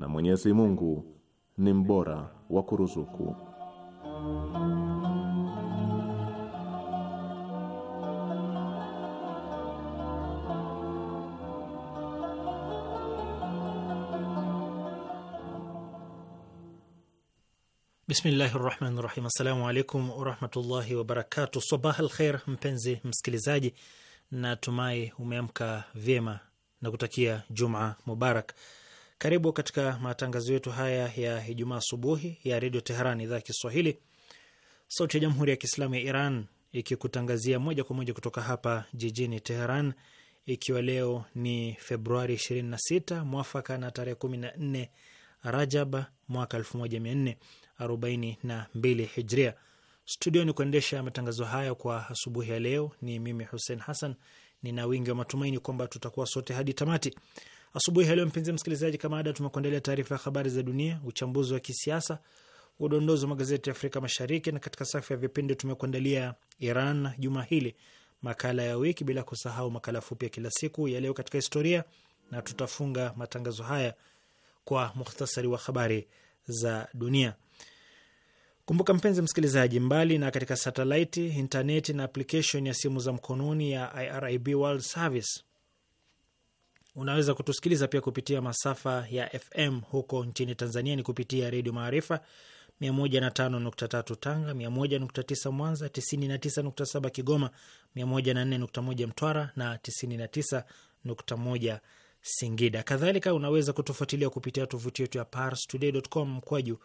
na Mwenyezi Mungu ni mbora wa kuruzuku. Bismillahi rahmani rahim. Assalamu alaikum warahmatullahi wabarakatu. Sabah alkhair, mpenzi msikilizaji, natumai umeamka vyema na kutakia Juma mubarak. Karibu katika matangazo yetu haya ya Ijumaa asubuhi ya Redio Teheran, idhaa ya Kiswahili, sauti ya Jamhuri ya Kiislamu ya Iran, ikikutangazia moja kwa moja kutoka hapa jijini Teheran, ikiwa leo ni Februari 26 mwafaka na tarehe 14 Rajab mwaka 1442 Hijria. Studio ni kuendesha matangazo haya kwa asubuhi ya leo ni mimi Hussein Hassan. Nina wingi wa matumaini kwamba tutakuwa sote hadi tamati asubuhi ya leo. Mpenzi msikilizaji, kama ada, tumekuandalia taarifa ya habari za dunia, uchambuzi wa kisiasa, udondozi wa magazeti ya Afrika Mashariki, na katika safu ya vipindi tumekuandalia Iran juma hili, makala ya wiki, bila kusahau makala fupi ya kila siku ya leo katika historia, na tutafunga matangazo haya kwa muhtasari wa habari za dunia. Kumbuka mpenzi msikilizaji, mbali na katika satelaiti, intaneti na application ya simu za mkononi ya IRIB World Service Unaweza kutusikiliza pia kupitia masafa ya FM huko nchini Tanzania ni kupitia Redio Maarifa 105.3 Tanga, 101.9 Mwanza, 99.7 Kigoma, 104.1 Mtwara na 99.1 Singida. Kadhalika unaweza kutufuatilia kupitia tovuti yetu ya parstoday.com mkwaju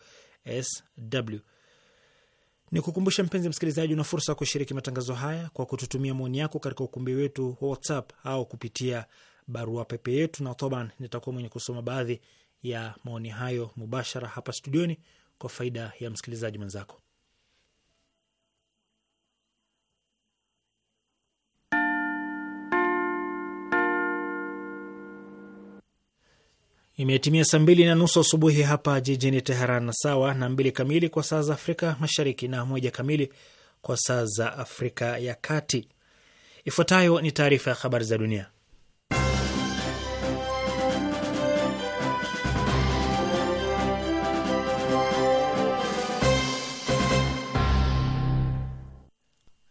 sw. Ni kukumbusha mpenzi msikilizaji, una fursa ya kushiriki matangazo haya kwa kututumia maoni yako katika ukumbi wetu WhatsApp au kupitia barua pepe yetu, na toban nitakuwa mwenye kusoma baadhi ya maoni hayo mubashara hapa studioni kwa faida ya msikilizaji mwenzako. Imetimia saa mbili na nusu asubuhi hapa jijini Teheran, na sawa na mbili kamili kwa saa za Afrika Mashariki na moja kamili kwa saa za Afrika ya Kati. Ifuatayo ni taarifa ya habari za dunia,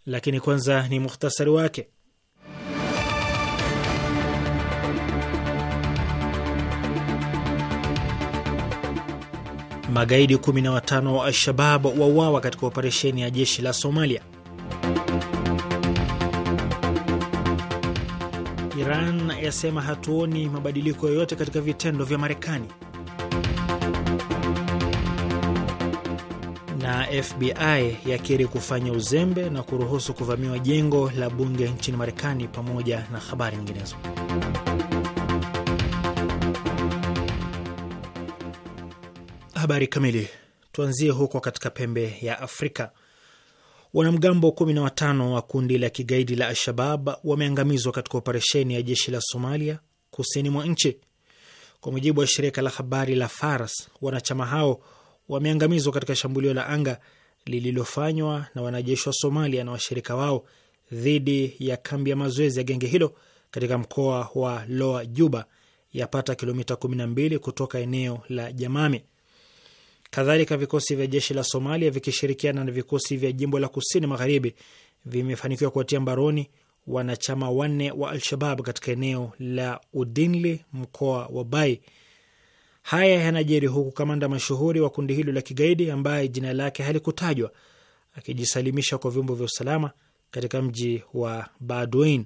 lakini kwanza ni muhtasari wake. Magaidi 15 wa Al-Shabab wauawa katika operesheni ya jeshi la Somalia. Iran yasema hatuoni mabadiliko yoyote katika vitendo vya Marekani. na FBI yakiri kufanya uzembe na kuruhusu kuvamiwa jengo la bunge nchini Marekani, pamoja na habari nyinginezo. Habari kamili. Tuanzie huko katika pembe ya Afrika. Wanamgambo 15 wa kundi la kigaidi la Al-Shabab wameangamizwa katika operesheni ya jeshi la Somalia kusini mwa nchi, kwa mujibu wa shirika la habari la Faras. Wanachama hao wameangamizwa katika shambulio la anga lililofanywa na wanajeshi wa Somalia na washirika wao dhidi ya kambi ya mazoezi ya genge hilo katika mkoa wa Loa Juba, yapata kilomita 12 kutoka eneo la Jamame. Kadhalika, vikosi vya jeshi la Somalia vikishirikiana na vikosi vya jimbo la kusini magharibi vimefanikiwa kuwatia mbaroni wanachama wanne wa Al-Shabab katika eneo la Udinli, mkoa wa Bai Haya yanajiri huku kamanda mashuhuri wa kundi hilo la kigaidi ambaye jina lake halikutajwa akijisalimisha kwa vyombo vya usalama katika mji wa Badwin.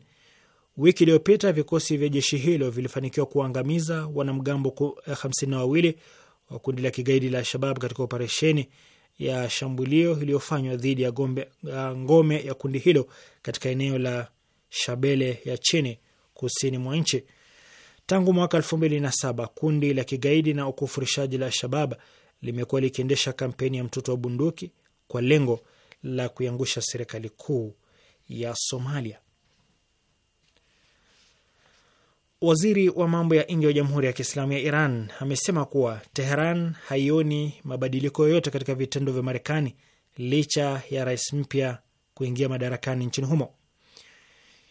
Wiki iliyopita vikosi vya jeshi hilo vilifanikiwa kuangamiza wanamgambo eh, hamsini na wawili wa kundi la kigaidi la shabab katika operesheni ya shambulio iliyofanywa dhidi ya gombe, ngome ya kundi hilo katika eneo la Shabele ya chini kusini mwa nchi. Tangu mwaka saba kundi la kigaidi na ukufurishaji la Al-Shabab limekuwa likiendesha kampeni ya mtoto wa bunduki kwa lengo la kuiangusha serikali kuu ya Somalia. Waziri wa mambo ya nje wa Jamhuri ya Kiislamu ya Iran amesema kuwa Teheran haioni mabadiliko yoyote katika vitendo vya Marekani licha ya rais mpya kuingia madarakani nchini humo.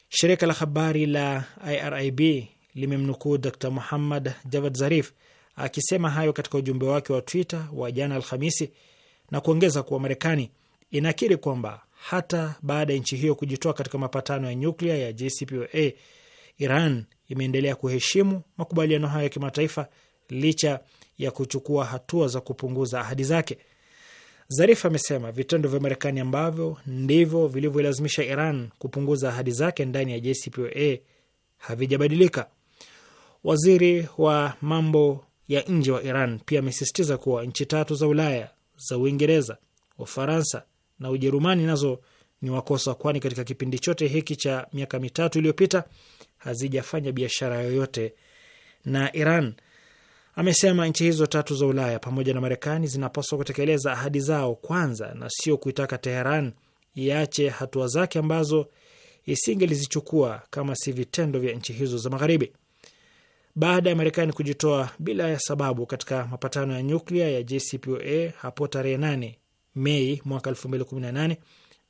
Shirika la habari la IRIB limemnukuu Dr Muhammad Javad Zarif akisema hayo katika ujumbe wake wa Twitter wa jana Alhamisi na kuongeza kuwa Marekani inakiri kwamba hata baada ya nchi hiyo kujitoa katika mapatano ya nyuklia ya JCPOA, Iran imeendelea kuheshimu makubaliano hayo ya kimataifa licha ya kuchukua hatua za kupunguza ahadi zake. Zarif amesema vitendo vya Marekani ambavyo ndivyo vilivyolazimisha Iran kupunguza ahadi zake ndani ya JCPOA havijabadilika. Waziri wa mambo ya nje wa Iran pia amesisitiza kuwa nchi tatu za Ulaya za Uingereza, Ufaransa na Ujerumani nazo ni wakosa, kwani katika kipindi chote hiki cha miaka mitatu iliyopita hazijafanya biashara yoyote na Iran. Amesema nchi hizo tatu za Ulaya pamoja na Marekani zinapaswa kutekeleza ahadi zao kwanza na sio kuitaka Teheran iache hatua zake ambazo isingelizichukua kama si vitendo vya nchi hizo za Magharibi baada ya Marekani kujitoa bila ya sababu katika mapatano ya nyuklia ya JCPOA hapo tarehe nane Mei mwaka nane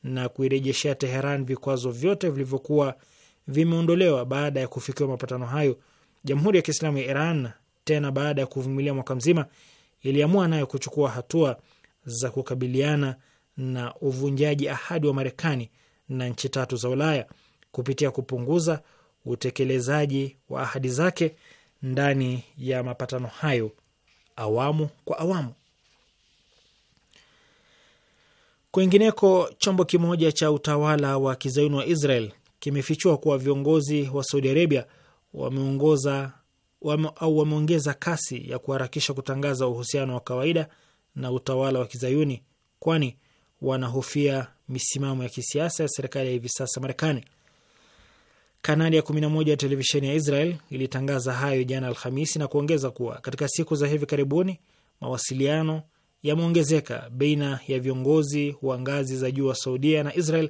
na kuirejeshea Teheran vikwazo vyote vilivyokuwa vimeondolewa baada ya kufikiwa mapatano hayo, Jamhuri ya Kiislamu ya Iran, tena baada ya kuvumilia mwaka mzima, iliamua nayo kuchukua hatua za kukabiliana na uvunjaji ahadi wa Marekani na nchi tatu za Ulaya kupitia kupunguza utekelezaji wa ahadi zake ndani ya mapatano hayo awamu kwa awamu. Kwingineko, chombo kimoja cha utawala wa kizayuni wa Israel kimefichua kuwa viongozi wa Saudi Arabia wameongoza wame, au wameongeza kasi ya kuharakisha kutangaza uhusiano wa kawaida na utawala wa kizayuni, kwani wanahofia misimamo ya kisiasa ya serikali ya hivi sasa Marekani. Kanali ya 11 ya televisheni ya Israel ilitangaza hayo jana Alhamisi na kuongeza kuwa katika siku za hivi karibuni mawasiliano yameongezeka baina ya viongozi wa ngazi za juu wa Saudia na Israel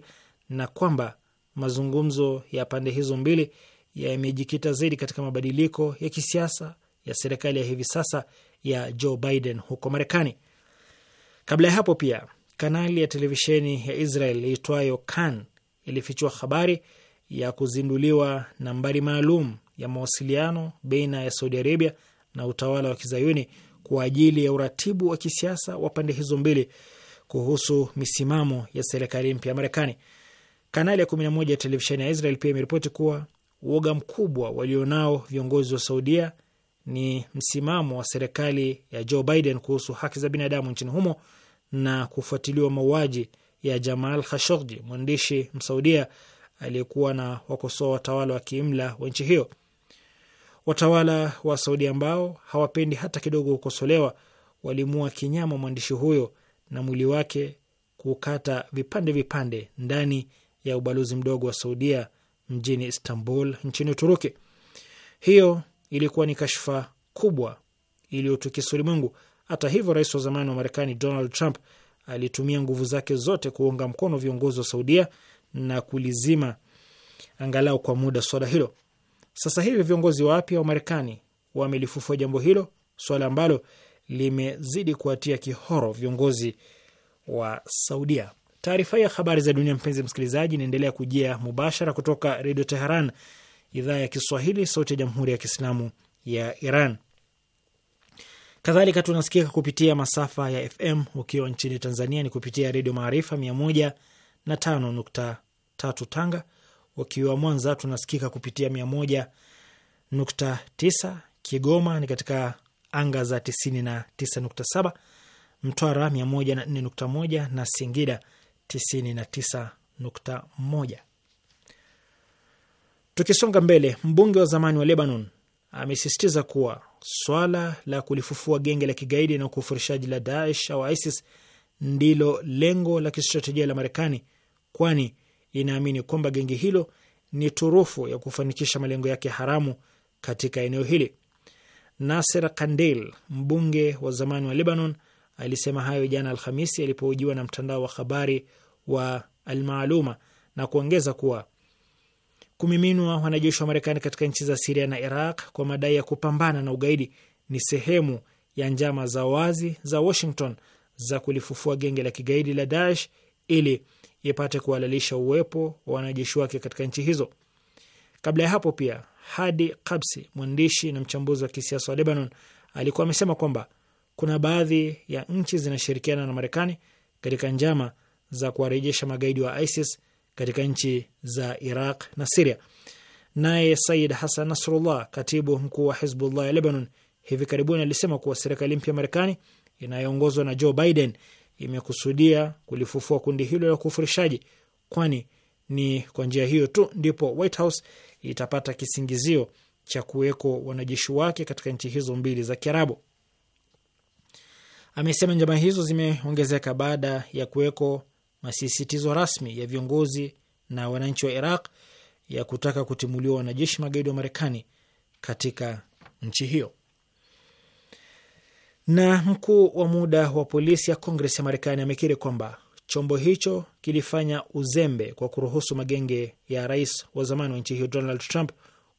na kwamba mazungumzo ya pande hizo mbili yamejikita zaidi katika mabadiliko ya kisiasa ya serikali ya hivi sasa ya Joe Biden huko Marekani. Kabla ya hapo pia kanali ya televisheni ya Israel iitwayo Kan ilifichua habari ya kuzinduliwa nambari maalum ya mawasiliano baina ya Saudi Arabia na utawala wa kizayuni kwa ajili ya uratibu wa kisiasa wa pande hizo mbili kuhusu misimamo ya serikali mpya ya Marekani. Kanali ya 11 ya televisheni ya Israel pia imeripoti kuwa uoga mkubwa walionao viongozi wa Saudia ni msimamo wa serikali ya Joe Biden kuhusu haki za binadamu nchini humo na kufuatiliwa mauaji ya Jamal Khashoggi, mwandishi msaudia aliyekuwa na wakosoa watawala wa kiimla wa nchi hiyo. Watawala wa Saudi ambao hawapendi hata kidogo kukosolewa walimua kinyama mwandishi huyo na mwili wake kukata vipande vipande ndani ya ubalozi mdogo wa Saudia mjini Istanbul nchini Uturuki. Hiyo ilikuwa ni kashfa kubwa iliyotukisa ulimwengu. Hata hivyo, rais wa zamani wa Marekani Donald Trump alitumia nguvu zake zote kuunga mkono viongozi wa Saudia na kulizima angalau kwa muda swala hilo. Sasa hivi viongozi wapya wa Marekani wamelifufua jambo hilo, swala ambalo limezidi kuwatia kihoro viongozi wa Saudia. Taarifa hii ya habari za dunia, mpenzi msikilizaji, inaendelea kujia mubashara kutoka Redio Teheran, idhaa ya Kiswahili, sauti ya Jamhuri ya Kiislamu ya Iran. Kadhalika tunasikika kupitia masafa ya FM. Ukiwa nchini Tanzania ni kupitia Redio Maarifa mia moja na tano nukta tatu Tanga, wakiwa Mwanza tunasikika kupitia mia moja nukta tisa Kigoma ni katika anga za tisini na tisa nukta saba Mtwara mia moja na nne nukta moja na Singida tisini na tisa nukta moja. Tukisonga mbele, mbunge wa zamani wa Lebanon amesisitiza kuwa swala la kulifufua genge la kigaidi na ukufurishaji la Daesh au ISIS ndilo lengo la kistratejia la Marekani kwani inaamini kwamba genge hilo ni turufu ya kufanikisha malengo yake haramu katika eneo hili. Nasser Kandel, mbunge wa zamani wa Lebanon, alisema hayo jana Alhamisi alipohojiwa na mtandao wa habari wa Almaaluma na kuongeza kuwa kumiminwa wanajeshi wa Marekani katika nchi za Siria na Iraq kwa madai ya kupambana na ugaidi ni sehemu ya njama za wazi za Washington za kulifufua genge la kigaidi la Daesh ili ipate kuhalalisha uwepo wa wanajeshi wake katika nchi hizo. Kabla ya hapo pia, Hadi Kabsi, mwandishi na mchambuzi wa kisiasa wa Lebanon, alikuwa amesema kwamba kuna baadhi ya nchi zinashirikiana na Marekani katika njama za kuwarejesha magaidi wa ISIS katika nchi za Iraq na Siria. Naye Sayid Hasan Nasrullah, katibu mkuu wa Hizbullah ya Lebanon, hivi karibuni alisema kuwa serikali mpya Marekani inayoongozwa na Joe Biden imekusudia kulifufua kundi hilo la ukufurishaji, kwani ni kwa njia hiyo tu ndipo White House itapata kisingizio cha kuweko wanajeshi wake katika nchi hizo mbili za Kiarabu. Amesema njama hizo zimeongezeka baada ya kuweko masisitizo rasmi ya viongozi na wananchi wa Iraq ya kutaka kutimuliwa wanajeshi magaidi wa Marekani katika nchi hiyo. Na mkuu wa muda wa polisi ya Kongres ya Marekani amekiri kwamba chombo hicho kilifanya uzembe kwa kuruhusu magenge ya rais wa zamani wa nchi hiyo Donald Trump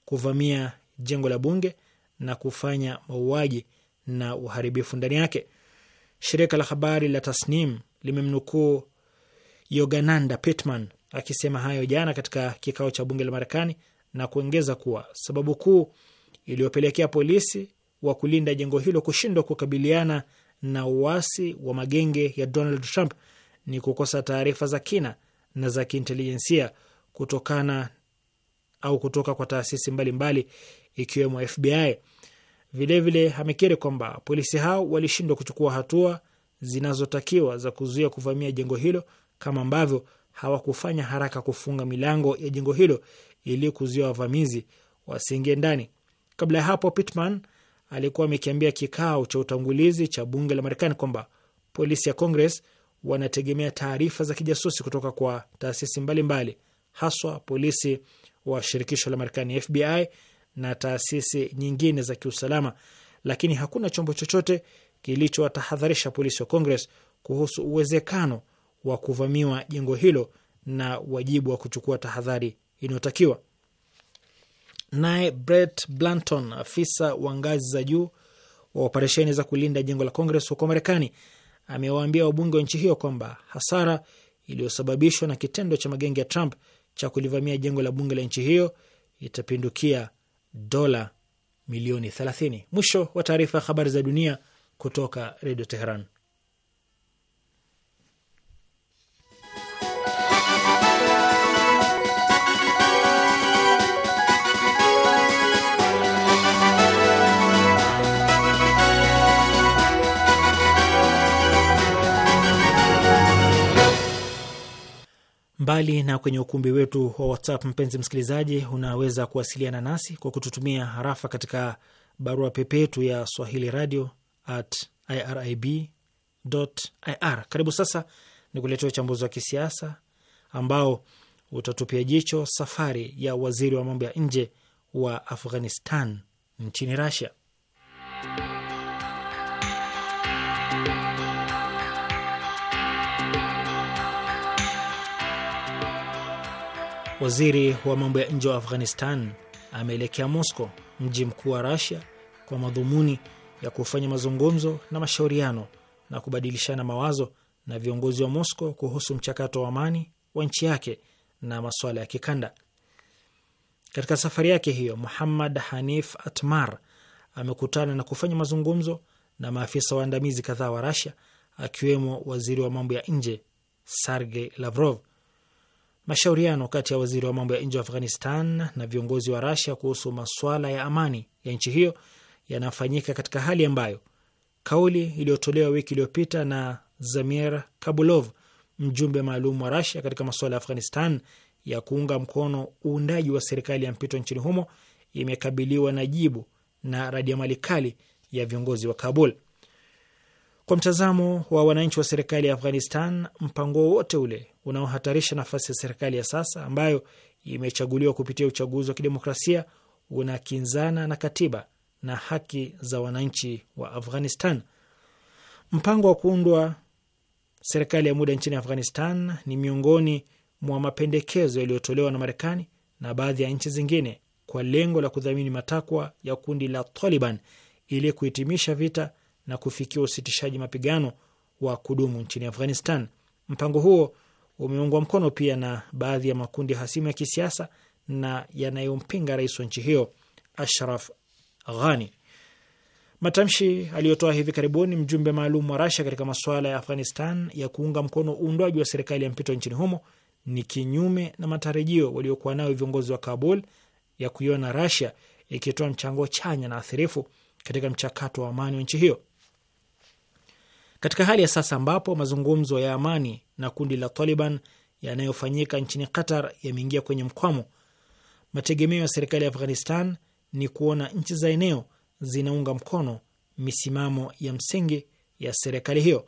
kuvamia jengo la bunge na kufanya mauaji na uharibifu ndani yake. Shirika la habari la Tasnim limemnukuu Yogananda Pittman akisema hayo jana katika kikao cha bunge la Marekani na kuongeza kuwa sababu kuu iliyopelekea polisi wa kulinda jengo hilo kushindwa kukabiliana na uasi wa magenge ya Donald Trump ni kukosa taarifa za kina na za kiintelijensia kutokana au kutoka kwa taasisi mbalimbali ikiwemo FBI. Vilevile amekiri kwamba polisi hao walishindwa kuchukua hatua zinazotakiwa za kuzuia kuvamia jengo hilo kama ambavyo hawakufanya haraka kufunga milango ya jengo hilo ili kuzuia wavamizi wasiingie ndani. Kabla ya hapo, Pittman alikuwa amekiambia kikao cha utangulizi cha bunge la Marekani kwamba polisi ya kongres wanategemea taarifa za kijasusi kutoka kwa taasisi mbalimbali mbali, haswa polisi wa shirikisho la Marekani FBI na taasisi nyingine za kiusalama, lakini hakuna chombo chochote kilichowatahadharisha polisi wa kongres kuhusu uwezekano wa kuvamiwa jengo hilo na wajibu wa kuchukua tahadhari inayotakiwa. Naye Brett Blanton, afisa wa ngazi za juu wa operesheni za kulinda jengo la Kongres huko Marekani, amewaambia wabunge wa nchi hiyo kwamba hasara iliyosababishwa na kitendo cha magenge ya Trump cha kulivamia jengo la bunge la nchi hiyo itapindukia dola milioni 30. Mwisho wa taarifa ya habari za dunia kutoka Redio Teheran. Mbali na kwenye ukumbi wetu wa WhatsApp, mpenzi msikilizaji, unaweza kuwasiliana nasi kwa kututumia harafa katika barua pepe yetu ya swahili radio at irib ir. Karibu sasa ni kuletea uchambuzi wa kisiasa ambao utatupia jicho safari ya waziri wa mambo ya nje wa Afghanistan nchini Rasia. Waziri wa mambo ya nje wa Afghanistan ameelekea Moscow, mji mkuu wa Russia, kwa madhumuni ya kufanya mazungumzo na mashauriano na kubadilishana mawazo na viongozi wa Moscow kuhusu mchakato wa amani wa nchi yake na masuala ya kikanda. Katika safari yake hiyo, Muhammad Hanif Atmar amekutana na kufanya mazungumzo na maafisa waandamizi kadhaa wa Russia akiwemo waziri wa mambo ya nje Sergey Lavrov. Mashauriano kati ya waziri wa mambo ya nje wa Afghanistan na viongozi wa Rasia kuhusu masuala ya amani ya nchi hiyo yanafanyika katika hali ambayo kauli iliyotolewa wiki iliyopita na Zamir Kabulov, mjumbe maalum wa Rasia katika masuala ya Afghanistan ya kuunga mkono uundaji wa serikali ya mpito nchini humo imekabiliwa na jibu na radiamali kali ya viongozi wa Kabul. Kwa mtazamo wa wananchi wa serikali ya Afghanistan, mpango wowote ule unaohatarisha nafasi ya serikali ya sasa ambayo imechaguliwa kupitia uchaguzi wa kidemokrasia unakinzana na katiba na haki za wananchi wa Afghanistan. Mpango wa kuundwa serikali ya muda nchini Afghanistan ni miongoni mwa mapendekezo yaliyotolewa na Marekani na baadhi ya nchi zingine kwa lengo la kudhamini matakwa ya kundi la Taliban ili kuhitimisha vita na kufikia usitishaji mapigano wa kudumu nchini Afghanistan. Mpango huo umeungwa mkono pia na baadhi ya makundi hasimu ya kisiasa na yanayompinga rais wa nchi hiyo Ashraf Ghani. Matamshi aliyotoa hivi karibuni mjumbe maalum wa Rasha katika masuala ya Afghanistan ya kuunga mkono uundwaji wa serikali ya mpito nchini humo ni kinyume na matarajio waliokuwa nayo viongozi wa Kabul ya kuiona Rasia ikitoa mchango chanya na athirifu katika mchakato wa amani wa nchi hiyo katika hali ya sasa ambapo mazungumzo ya amani na kundi la Taliban yanayofanyika nchini Qatar yameingia kwenye mkwamo. Mategemeo ya serikali ya Afghanistan ni kuona nchi za eneo zinaunga mkono misimamo ya msingi ya serikali hiyo.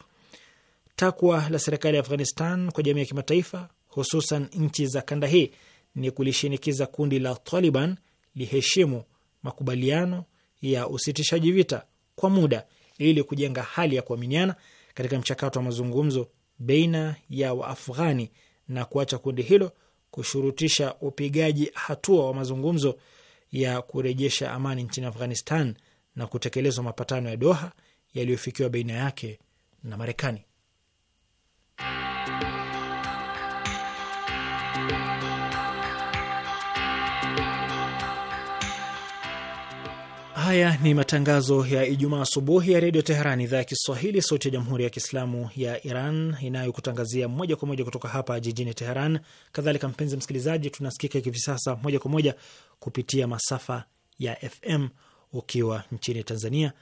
Takwa la serikali ya Afghanistan kwa jamii ya kimataifa, hususan nchi za kanda hii, ni kulishinikiza kundi la Taliban liheshimu makubaliano ya usitishaji vita kwa muda ili kujenga hali ya kuaminiana katika mchakato wa mazungumzo baina ya Waafghani na kuacha kundi hilo kushurutisha upigaji hatua wa mazungumzo ya kurejesha amani nchini Afghanistan na kutekelezwa mapatano ya Doha yaliyofikiwa baina yake na Marekani. Haya ni matangazo ya Ijumaa asubuhi ya redio Teheran, idhaa ya Kiswahili, sauti ya jamhuri ya kiislamu ya Iran inayokutangazia moja kwa moja kutoka hapa jijini Teheran. Kadhalika mpenzi msikilizaji, tunasikika hivi sasa moja kwa moja kupitia masafa ya FM. Ukiwa nchini Tanzania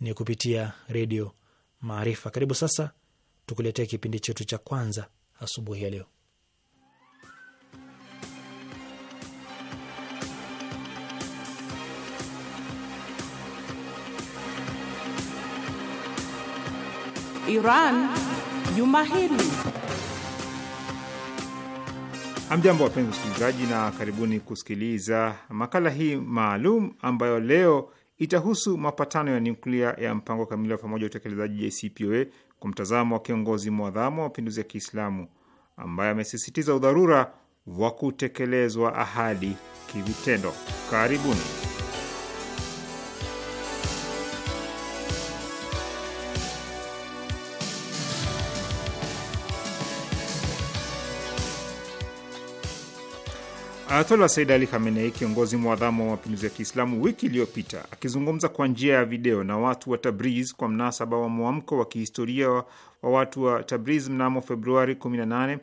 ni kupitia redio Maarifa. Karibu sasa tukuletea kipindi chetu cha kwanza asubuhi ya leo. Iran juma hili. Hamjambo, wapenzi wasikilizaji, na karibuni kusikiliza makala hii maalum ambayo leo itahusu mapatano ya nyuklia ya mpango kamili wa pamoja wa utekelezaji JCPOA kwa mtazamo wa kiongozi mwadhamu wa mapinduzi ya Kiislamu ambaye amesisitiza udharura wa kutekelezwa ahadi kivitendo. Karibuni. Ayatollah Said Ali Khamenei, kiongozi mwadhamu wa mapinduzi ya Kiislamu, wiki iliyopita akizungumza kwa njia ya video na watu wa Tabriz kwa mnasaba wa mwamko wa kihistoria wa watu wa Tabriz mnamo Februari 18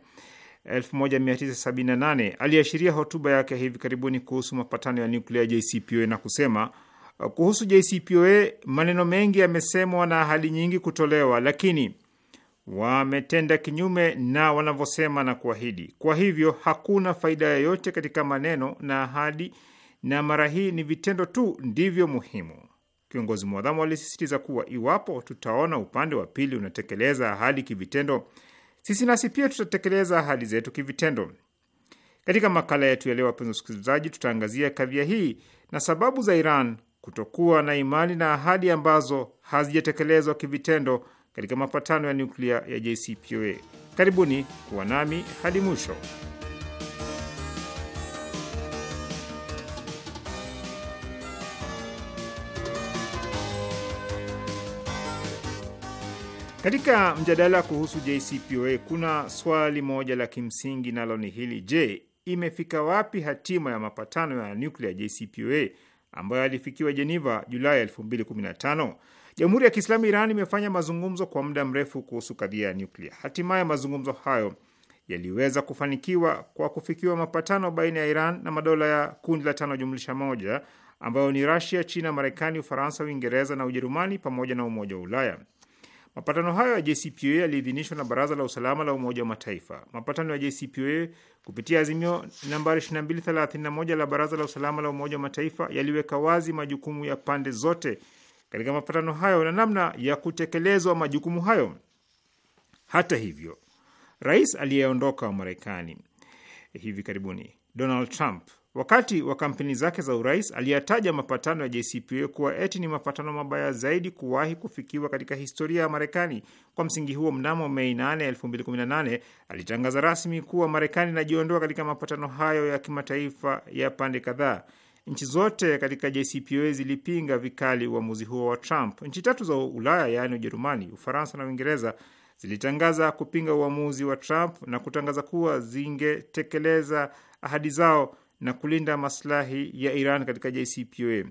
1978 aliashiria hotuba yake hivi karibuni kuhusu mapatano ya nyuklia JCPOA na kusema kuhusu JCPOA, maneno mengi yamesemwa na ahadi nyingi kutolewa, lakini wametenda kinyume na wanavyosema na kuahidi. Kwa hivyo hakuna faida yoyote katika maneno na ahadi, na mara hii ni vitendo tu ndivyo muhimu. Kiongozi mwadhamu alisisitiza kuwa iwapo tutaona upande wa pili unatekeleza ahadi kivitendo, sisi nasi pia tutatekeleza ahadi zetu kivitendo. Katika makala yetu ya leo, wapenzi wasikilizaji, tutaangazia kadhia hii na sababu za Iran kutokuwa na imani na ahadi ambazo hazijatekelezwa kivitendo katika mapatano ya nyuklia ya JCPOA. Karibuni kuwa nami hadi mwisho. Katika mjadala kuhusu JCPOA kuna swali moja la kimsingi, nalo ni hili: je, imefika wapi hatima ya mapatano ya nyuklia JCPOA ambayo yalifikiwa Jeneva Julai 2015? Jamhuri ya Kiislamu Iran imefanya mazungumzo kwa muda mrefu kuhusu kadhia ya nyuklia. Hatimaye mazungumzo hayo yaliweza kufanikiwa kwa kufikiwa mapatano baina ya Iran na madola ya kundi la tano jumlisha moja ambayo ni Rasia, China, Marekani, Ufaransa, Uingereza na Ujerumani pamoja na Umoja wa Ulaya. Mapatano hayo ya JCPOA yaliidhinishwa na Baraza la Usalama la Umoja wa Mataifa. Mapatano ya JCPOA kupitia azimio nambari 2231 la Baraza la Usalama la Umoja wa Mataifa yaliweka wazi majukumu ya pande zote katika mapatano hayo na namna ya kutekelezwa majukumu hayo. Hata hivyo, rais aliyeondoka wa Marekani hivi karibuni Donald Trump wakati wa kampeni zake za urais aliyataja mapatano ya JCPOA kuwa eti ni mapatano mabaya zaidi kuwahi kufikiwa katika historia ya Marekani. Kwa msingi huo, mnamo Mei 8, 2018 alitangaza rasmi kuwa Marekani inajiondoa katika mapatano hayo ya kimataifa ya pande kadhaa. Nchi zote katika JCPOA zilipinga vikali uamuzi huo wa Trump. Nchi tatu za Ulaya yaani Ujerumani, Ufaransa na Uingereza zilitangaza kupinga uamuzi wa Trump na kutangaza kuwa zingetekeleza ahadi zao na kulinda maslahi ya Iran katika JCPOA,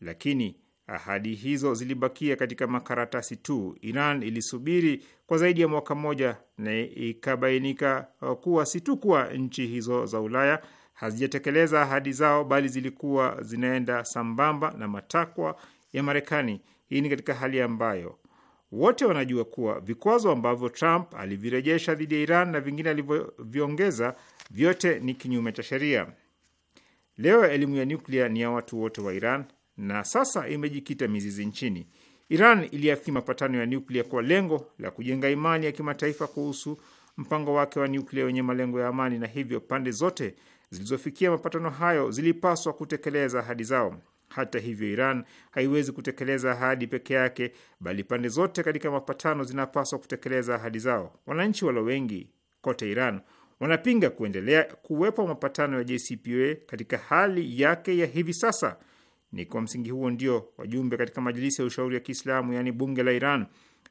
lakini ahadi hizo zilibakia katika makaratasi tu. Iran ilisubiri kwa zaidi ya mwaka mmoja na ikabainika kuwa si tu kuwa nchi hizo za Ulaya hazijatekeleza ahadi zao, bali zilikuwa zinaenda sambamba na matakwa ya Marekani. Hii ni katika hali ambayo wote wanajua kuwa vikwazo ambavyo Trump alivirejesha dhidi ya Iran na vingine alivyoviongeza vyote ni kinyume cha sheria. Leo elimu ya nyuklia ni ya watu wote wa Iran na sasa imejikita mizizi nchini. Iran iliafiki mapatano ya nyuklia kwa lengo la kujenga imani ya kimataifa kuhusu mpango wake wa nyuklia wenye malengo ya amani, na hivyo pande zote zilizofikia mapatano hayo zilipaswa kutekeleza ahadi zao. Hata hivyo, Iran haiwezi kutekeleza ahadi peke yake, bali pande zote katika mapatano zinapaswa kutekeleza ahadi zao. Wananchi walio wengi kote Iran wanapinga kuendelea kuwepo mapatano ya JCPOA katika hali yake ya hivi sasa. Ni kwa msingi huo ndio wajumbe katika Majilisi ya Ushauri ya Kiislamu, yaani bunge la Iran,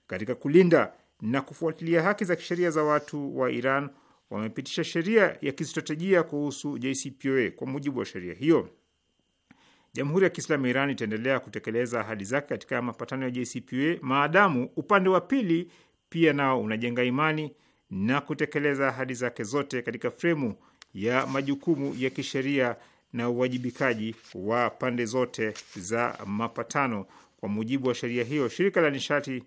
katika kulinda na kufuatilia haki za kisheria za watu wa Iran wamepitisha sheria ya kistratejia kuhusu JCPOA. Kwa mujibu wa sheria hiyo, Jamhuri ya Kiislamu ya Iran itaendelea kutekeleza ahadi zake katika mapatano ya JCPOA maadamu upande wa pili pia nao unajenga imani na kutekeleza ahadi zake zote katika fremu ya majukumu ya kisheria na uwajibikaji wa pande zote za mapatano. Kwa mujibu wa sheria hiyo, shirika la nishati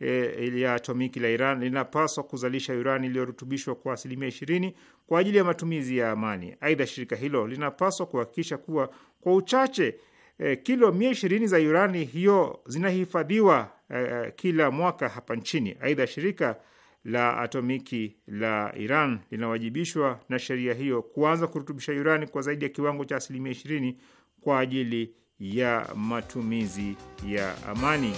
e, ya atomiki la Iran linapaswa kuzalisha urani iliyorutubishwa kwa asilimia ishirini kwa ajili ya matumizi ya amani. Aidha, shirika hilo linapaswa kuhakikisha kuwa kwa uchache e, kilo mia ishirini za urani hiyo zinahifadhiwa e, e kila mwaka hapa nchini. Aidha, shirika la atomiki la Iran linawajibishwa na sheria hiyo kuanza kurutubisha urani kwa zaidi ya kiwango cha asilimia ishirini kwa ajili ya matumizi ya amani.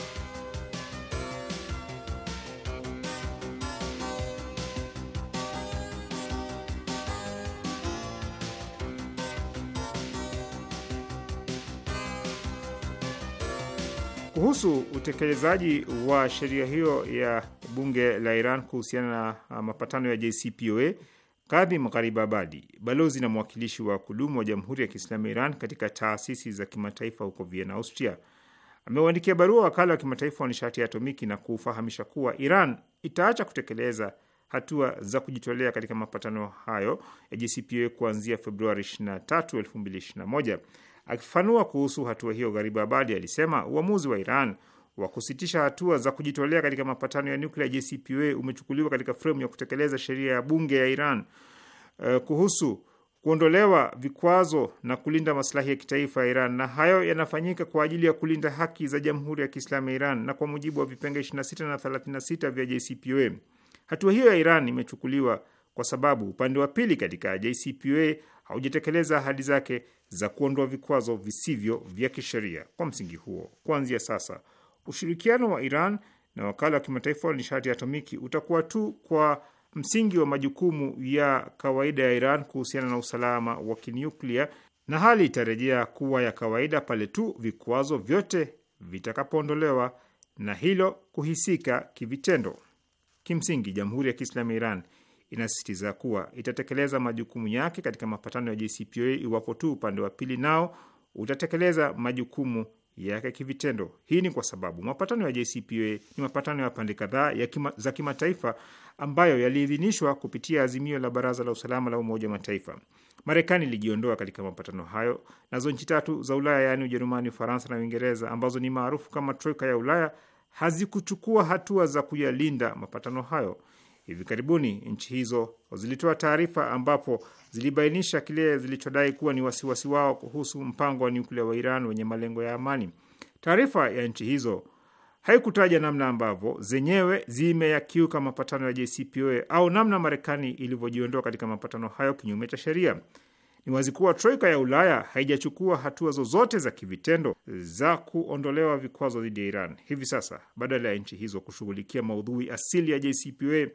kuhusu utekelezaji wa sheria hiyo ya bunge la Iran kuhusiana na uh, mapatano ya JCPOA, Kadhi Magharibi Abadi, balozi na mwakilishi wa kudumu wa Jamhuri ya Kiislamu ya Iran katika taasisi za kimataifa huko Vienna, Austria, ameuandikia barua wakala wa kimataifa wa nishati ya atomiki na kufahamisha kuwa Iran itaacha kutekeleza hatua za kujitolea katika mapatano hayo ya JCPOA kuanzia Februari 23, 2021. Akifafanua kuhusu hatua hiyo, Gharibu Abadi alisema uamuzi wa Iran wa kusitisha hatua za kujitolea katika mapatano ya nuklia JCPOA umechukuliwa katika fremu ya kutekeleza sheria ya bunge ya Iran uh, kuhusu kuondolewa vikwazo na kulinda maslahi ya kitaifa ya Iran, na hayo yanafanyika kwa ajili ya kulinda haki za Jamhuri ya Kiislamu ya Iran na kwa mujibu wa vipenge 26 na 36 vya JCPOA. Hatua hiyo ya Iran imechukuliwa kwa sababu upande wa pili katika JCPOA haujatekeleza ahadi zake za kuondoa vikwazo visivyo vya kisheria. Kwa msingi huo, kuanzia sasa ushirikiano wa Iran na wakala wa kimataifa wa nishati ya atomiki utakuwa tu kwa msingi wa majukumu ya kawaida ya Iran kuhusiana na usalama wa kinyuklia, na hali itarejea kuwa ya kawaida pale tu vikwazo vyote vitakapoondolewa na hilo kuhisika kivitendo. Kimsingi, Jamhuri ya Kiislamu ya Iran inasisitiza kuwa itatekeleza majukumu yake katika mapatano ya JCPOA iwapo tu upande wa pili nao utatekeleza majukumu yake kivitendo. Hii ni kwa sababu mapatano ya JCPOA ni mapatano ya pande kadhaa kima, za kimataifa ambayo yaliidhinishwa kupitia azimio la Baraza la Usalama la Umoja wa Mataifa. Marekani ilijiondoa katika mapatano hayo, nazo nchi tatu za Ulaya yaani Ujerumani, Ufaransa na Uingereza ambazo ni maarufu kama troika ya Ulaya hazikuchukua hatua za kuyalinda mapatano hayo. Hivi karibuni nchi hizo zilitoa taarifa ambapo zilibainisha kile zilichodai kuwa ni wasiwasi wao kuhusu mpango wa nyuklia wa Iran wenye malengo ya amani. Taarifa ya nchi hizo haikutaja namna ambavyo zenyewe zimeyakiuka mapatano ya JCPOA au namna Marekani ilivyojiondoa katika mapatano hayo kinyume cha sheria. Ni wazi kuwa troika ya Ulaya haijachukua hatua zozote za kivitendo za kuondolewa vikwazo dhidi ya Iran. Hivi sasa, badala ya nchi hizo kushughulikia maudhui asili ya JCPOA,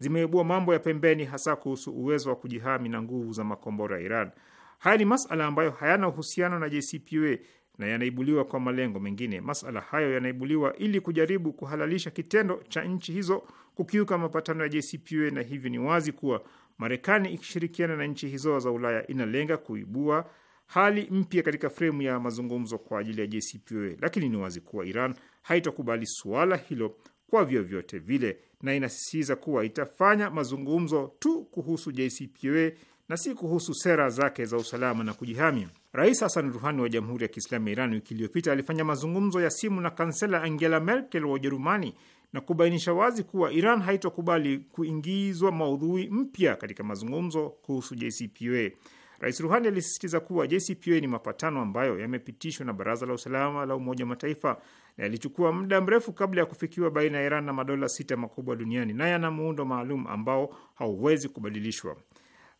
zimeibua mambo ya pembeni, hasa kuhusu uwezo wa kujihami na nguvu za makombora ya Iran. Haya ni masala ambayo hayana uhusiano na JCPOA na yanaibuliwa kwa malengo mengine. Masala hayo yanaibuliwa ili kujaribu kuhalalisha kitendo cha nchi hizo kukiuka mapatano ya JCPOA, na hivyo ni wazi kuwa Marekani ikishirikiana na nchi hizo za Ulaya inalenga kuibua hali mpya katika fremu ya mazungumzo kwa ajili ya JCPOA, lakini ni wazi kuwa Iran haitakubali suala hilo kwa vyovyote vile na inasisitiza kuwa itafanya mazungumzo tu kuhusu JCPOA na si kuhusu sera zake za usalama na kujihami. Rais Hassan Ruhani wa Jamhuri ya Kiislamu ya Iran wiki iliyopita alifanya mazungumzo ya simu na kansela Angela Merkel wa Ujerumani na kubainisha wazi kuwa Iran haitokubali kuingizwa maudhui mpya katika mazungumzo kuhusu JCPOA. Rais Ruhani alisisitiza kuwa JCPOA ni mapatano ambayo yamepitishwa na Baraza la Usalama la Umoja wa Mataifa na yalichukua muda mrefu kabla ya kufikiwa baina ya Iran na madola sita makubwa duniani na yana muundo maalum ambao hauwezi kubadilishwa.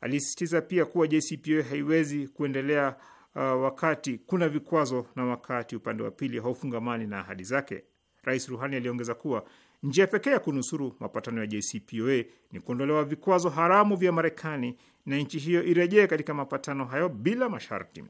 Alisisitiza pia kuwa JCPOA haiwezi kuendelea uh, wakati kuna vikwazo na wakati upande wa pili haufungamani na ahadi zake. Rais Ruhani aliongeza kuwa njia pekee ya kunusuru mapatano ya JCPOA ni kuondolewa vikwazo haramu vya Marekani na nchi hiyo irejee katika mapatano hayo bila masharti.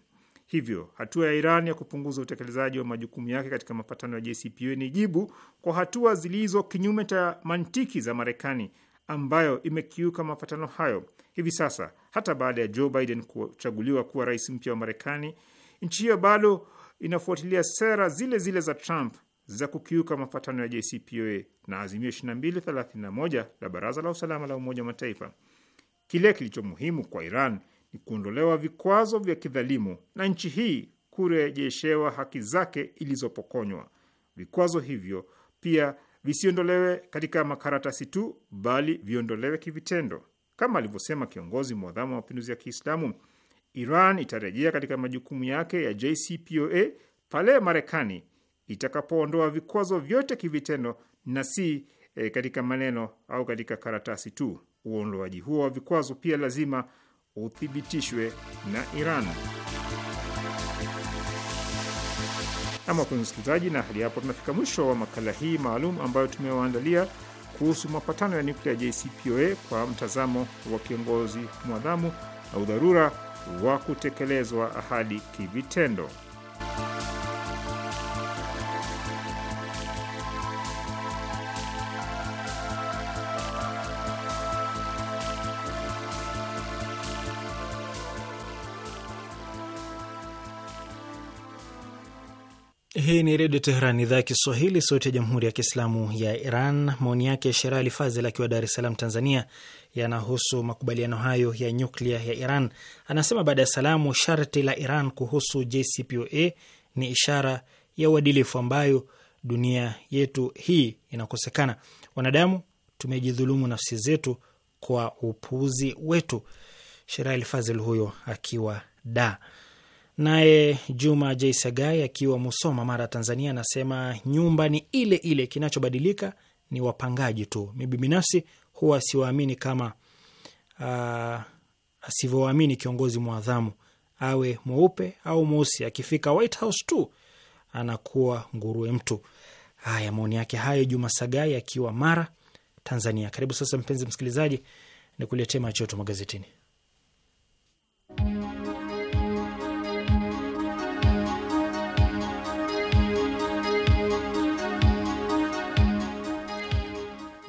Hivyo hatua ya Iran ya kupunguza utekelezaji wa majukumu yake katika mapatano ya JCPOA ni jibu kwa hatua zilizo kinyume cha mantiki za Marekani ambayo imekiuka mapatano hayo. Hivi sasa hata baada ya Joe Biden kuchaguliwa kuwa rais mpya wa Marekani, nchi hiyo bado inafuatilia sera zile zile za Trump za kukiuka mapatano ya JCPOA na azimio 2231 la Baraza la Usalama la Umoja wa Mataifa. Kile kilicho muhimu kwa Iran ni kuondolewa vikwazo vya kidhalimu na nchi hii kurejeshewa haki zake ilizopokonywa. Vikwazo hivyo pia visiondolewe katika makaratasi tu, bali viondolewe kivitendo. Kama alivyosema kiongozi mwadhamu wa mapinduzi ya Kiislamu, Iran itarejea katika majukumu yake ya JCPOA pale Marekani itakapoondoa vikwazo vyote kivitendo na si e, katika maneno au katika karatasi tu. Uondoaji huo wa vikwazo pia lazima uthibitishwe na Iran. Ama wapenzi msikilizaji, na hadi hapo tunafika mwisho wa makala hii maalum ambayo tumewaandalia kuhusu mapatano ya nyuklia JCPOA kwa mtazamo wa kiongozi mwadhamu na udharura wa kutekelezwa ahadi kivitendo. Hii ni Redio Teheran, idhaa ya Kiswahili, sauti ya Jamhuri ya Kiislamu ya Iran. Maoni yake Sherali Fazel akiwa Dar es Salaam, Tanzania, yanahusu makubaliano hayo ya nyuklia ya Iran. Anasema baada ya salamu, sharti la Iran kuhusu JCPOA ni ishara ya uadilifu ambayo dunia yetu hii inakosekana. Wanadamu tumejidhulumu nafsi zetu kwa upuuzi wetu. Sherali Fazel huyo akiwa da Naye Juma J Sagai akiwa Musoma, Mara, Tanzania, anasema nyumba ni ile ile, kinachobadilika ni wapangaji tu. Mimi binafsi huwa siwaamini kama uh, asivyowaamini kiongozi mwadhamu, awe mweupe au mweusi, akifika White House tu anakuwa nguruwe mtu. Haya, maoni yake hayo, Juma Sagai akiwa Mara, Tanzania. Karibu sasa, mpenzi msikilizaji, ni kuletea machoto magazetini.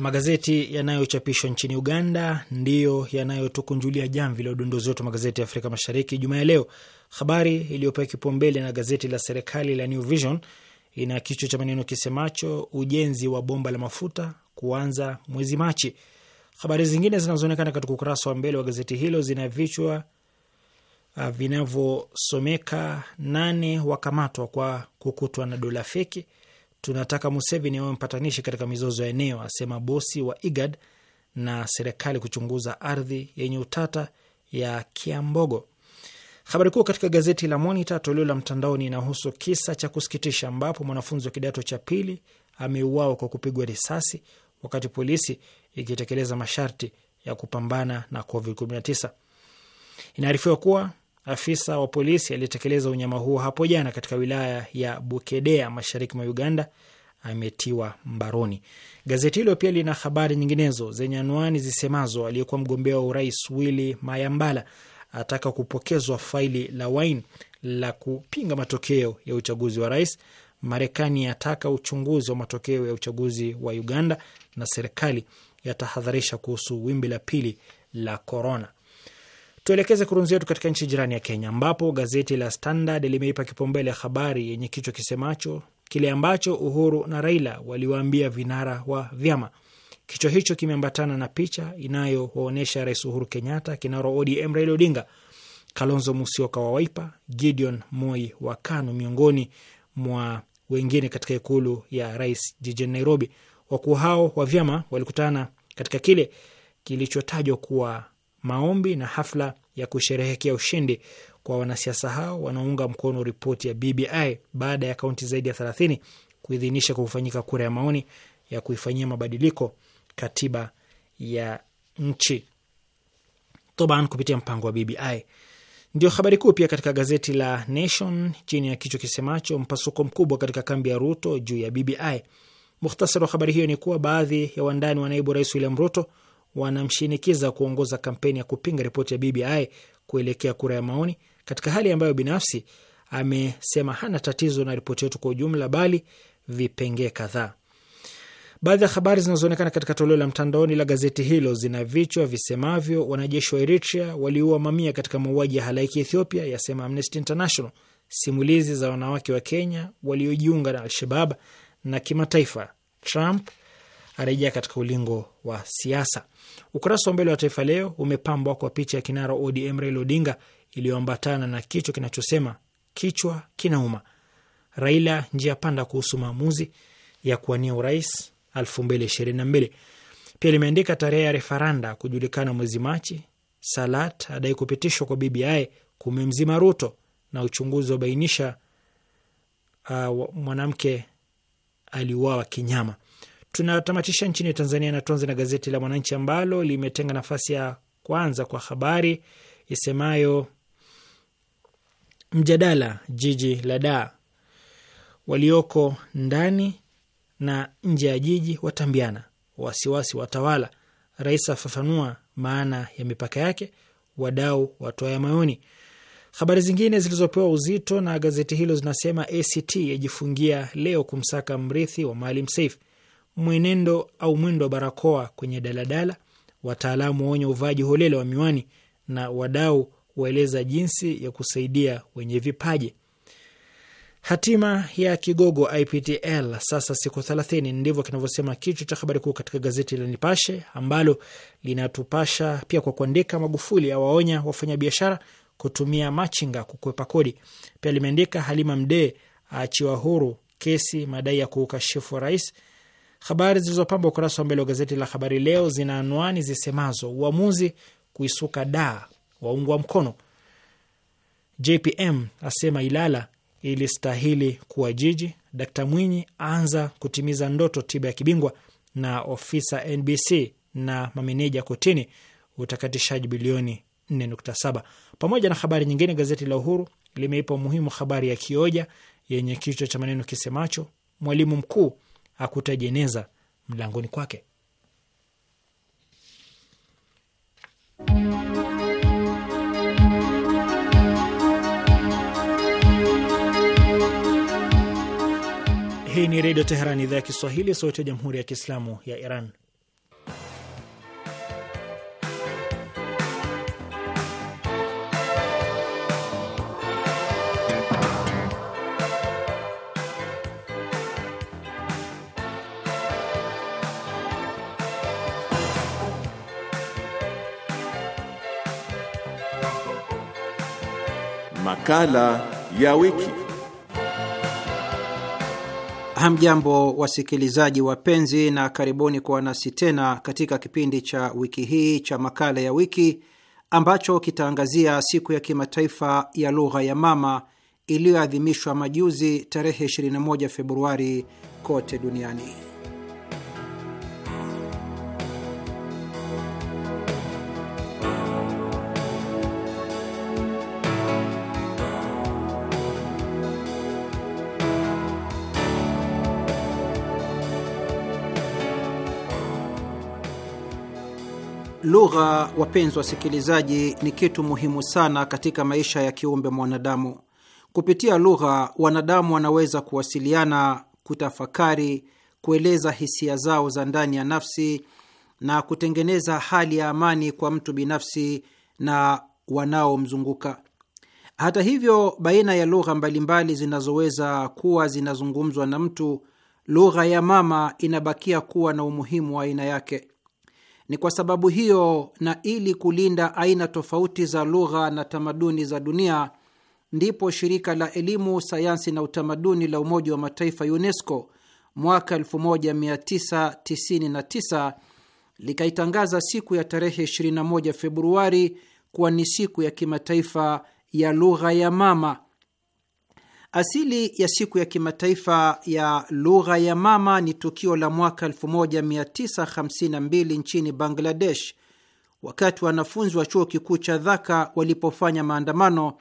Magazeti yanayochapishwa nchini Uganda ndiyo yanayotukunjulia jamvi la udondozi wetu magazeti ya Afrika Mashariki juma ya leo. Habari iliyopewa kipaumbele na gazeti la serikali la New Vision ina kichwa cha maneno kisemacho ujenzi wa bomba la mafuta kuanza mwezi Machi. Habari zingine zinazoonekana katika ukurasa wa mbele wa gazeti hilo zina vichwa ah, vinavyosomeka nane wakamatwa kwa kukutwa na dola feki Tunataka Museveni awe mpatanishi katika mizozo ya eneo, asema bosi wa IGAD, na serikali kuchunguza ardhi yenye utata ya Kiambogo. Habari kuu katika gazeti la Monita toleo la mtandaoni inahusu kisa cha kusikitisha ambapo mwanafunzi wa kidato cha pili ameuawa kwa kupigwa risasi wakati polisi ikitekeleza masharti ya kupambana na COVID-19. Inaarifiwa kuwa afisa wa polisi aliyetekeleza unyama huo hapo jana katika wilaya ya Bukedea mashariki mwa Uganda ametiwa mbaroni. Gazeti hilo pia lina habari nyinginezo zenye anwani zisemazo aliyekuwa mgombea wa urais Willy Mayambala ataka kupokezwa faili la Wine la kupinga matokeo ya uchaguzi wa rais, Marekani yataka uchunguzi wa matokeo ya uchaguzi wa Uganda, na serikali yatahadharisha kuhusu wimbi la pili la korona. Tuelekeze kurunzi yetu katika nchi jirani ya Kenya, ambapo gazeti la Standard limeipa kipaumbele habari yenye kichwa kisemacho kile ambacho Uhuru na Raila waliwaambia vinara wa vyama. Kichwa hicho kimeambatana na picha inayowaonyesha Rais Uhuru Kenyatta, kinara ODM Raila Odinga, Kalonzo Musyoka wa Waipa, Gideon Moi wa KANU miongoni mwa wengine katika ikulu ya rais jijini Nairobi. Wakuu hao wa vyama walikutana katika kile kilichotajwa kuwa maombi na hafla ya kusherehekea ushindi kwa wanasiasa hao wanaunga mkono ripoti ya BBI baada ya kaunti zaidi ya 30 kuidhinisha kufanyika kura ya maoni ya kuifanyia mabadiliko katiba ya nchi toban kupitia mpango wa BBI. Ndio habari kuu pia katika gazeti la Nation chini ya kichwa kisemacho mpasuko mkubwa katika kambi ya Ruto juu ya BBI. Mukhtasari wa habari hiyo ni kuwa baadhi ya wandani wa naibu rais William Ruto wanamshinikiza kuongoza kampeni ya kupinga ripoti ya BBI kuelekea kura ya maoni, katika hali ambayo binafsi amesema hana tatizo na ripoti yetu kwa ujumla, bali vipengee kadhaa. Baadhi ya habari zinazoonekana katika toleo la mtandaoni la gazeti hilo zina vichwa visemavyo: wanajeshi wa Eritrea waliua mamia katika mauaji ya halaiki Ethiopia, yasema Amnesty International; simulizi za wanawake wa Kenya waliojiunga na Al-Shabab; na kimataifa, Trump arejea katika ulingo wa siasa. Ukurasa wa mbele wa Taifa Leo umepambwa kwa picha ya kinara ODM Raila Odinga iliyoambatana na kichwa kinachosema kichwa kinauma, Raila njia panda kuhusu maamuzi ya kuwania urais 2022. Pia limeandika tarehe ya refaranda kujulikana mwezi Machi, Salat adai kupitishwa kwa BBI kumemzima Ruto, na uchunguzi wabainisha uh, mwanamke aliuawa kinyama. Tunatamatisha nchini Tanzania na tuanze na gazeti la Mwananchi ambalo limetenga nafasi ya kwanza kwa habari isemayo mjadala jiji la da walioko ndani na nje ya jiji watambiana, wasiwasi watawala, rais afafanua maana ya mipaka yake, wadau watoa maoni. Habari zingine zilizopewa uzito na gazeti hilo zinasema ACT yajifungia leo kumsaka mrithi wa Maalim Seif mwenendo au mwendo wa barakoa kwenye daladala, wataalamu waonya uvaaji holela wa miwani, na wadau waeleza jinsi ya kusaidia wenye vipaji. Hatima ya kigogo IPTL sasa siku thelathini, ndivyo kinavyosema kichwa cha habari kuu katika gazeti la Nipashe ambalo linatupasha pia kwa kuandika, Magufuli awaonya wafanyabiashara kutumia machinga kukwepa kodi. Pia limeandika Halima Mdee aachiwa huru kesi madai ya kuukashifu rais Habari zilizopambwa ukurasa wa mbele wa gazeti la Habari Leo zina anwani zisemazo uamuzi kuisuka daa waungwa mkono, JPM asema Ilala ilistahili kuwa jiji, Dkt Mwinyi aanza kutimiza ndoto tiba ya kibingwa, na ofisa NBC na mameneja kotini utakatishaji bilioni 4.7 pamoja na habari nyingine. Gazeti la Uhuru limeipa umuhimu habari ya kioja yenye kichwa cha maneno kisemacho mwalimu mkuu akuta jeneza mlangoni kwake. Hii ni Redio Teheran, idhaa ya Kiswahili, sauti ya Jamhuri ya Kiislamu ya Iran. Makala ya wiki. Hamjambo wasikilizaji wapenzi, na karibuni kwa nasi tena katika kipindi cha wiki hii cha makala ya wiki ambacho kitaangazia siku ya kimataifa ya lugha ya mama iliyoadhimishwa majuzi tarehe 21 Februari kote duniani. Lugha, wapenzi wasikilizaji, ni kitu muhimu sana katika maisha ya kiumbe mwanadamu. Kupitia lugha, wanadamu wanaweza kuwasiliana, kutafakari, kueleza hisia zao za ndani ya nafsi na kutengeneza hali ya amani kwa mtu binafsi na wanaomzunguka. Hata hivyo, baina ya lugha mbalimbali zinazoweza kuwa zinazungumzwa na mtu, lugha ya mama inabakia kuwa na umuhimu wa aina yake. Ni kwa sababu hiyo na ili kulinda aina tofauti za lugha na tamaduni za dunia, ndipo shirika la elimu, sayansi na utamaduni la Umoja wa Mataifa UNESCO mwaka 1999 likaitangaza siku ya tarehe 21 Februari kuwa ni siku ya kimataifa ya lugha ya mama Asili ya siku ya kimataifa ya lugha ya mama ni tukio la mwaka 1952 nchini Bangladesh, wakati wanafunzi wa chuo kikuu cha Dhaka walipofanya maandamano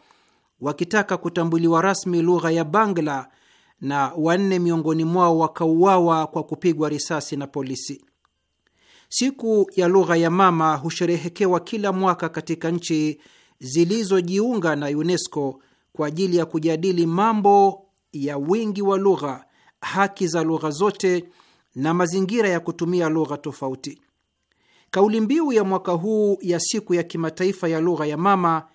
wakitaka kutambuliwa rasmi lugha ya Bangla, na wanne miongoni mwao wakauawa kwa kupigwa risasi na polisi. Siku ya lugha ya mama husherehekewa kila mwaka katika nchi zilizojiunga na UNESCO kwa ajili ya kujadili mambo ya wingi wa lugha, haki za lugha zote na mazingira ya kutumia lugha tofauti. Kauli mbiu ya mwaka huu ya siku ya kimataifa ya lugha ya mama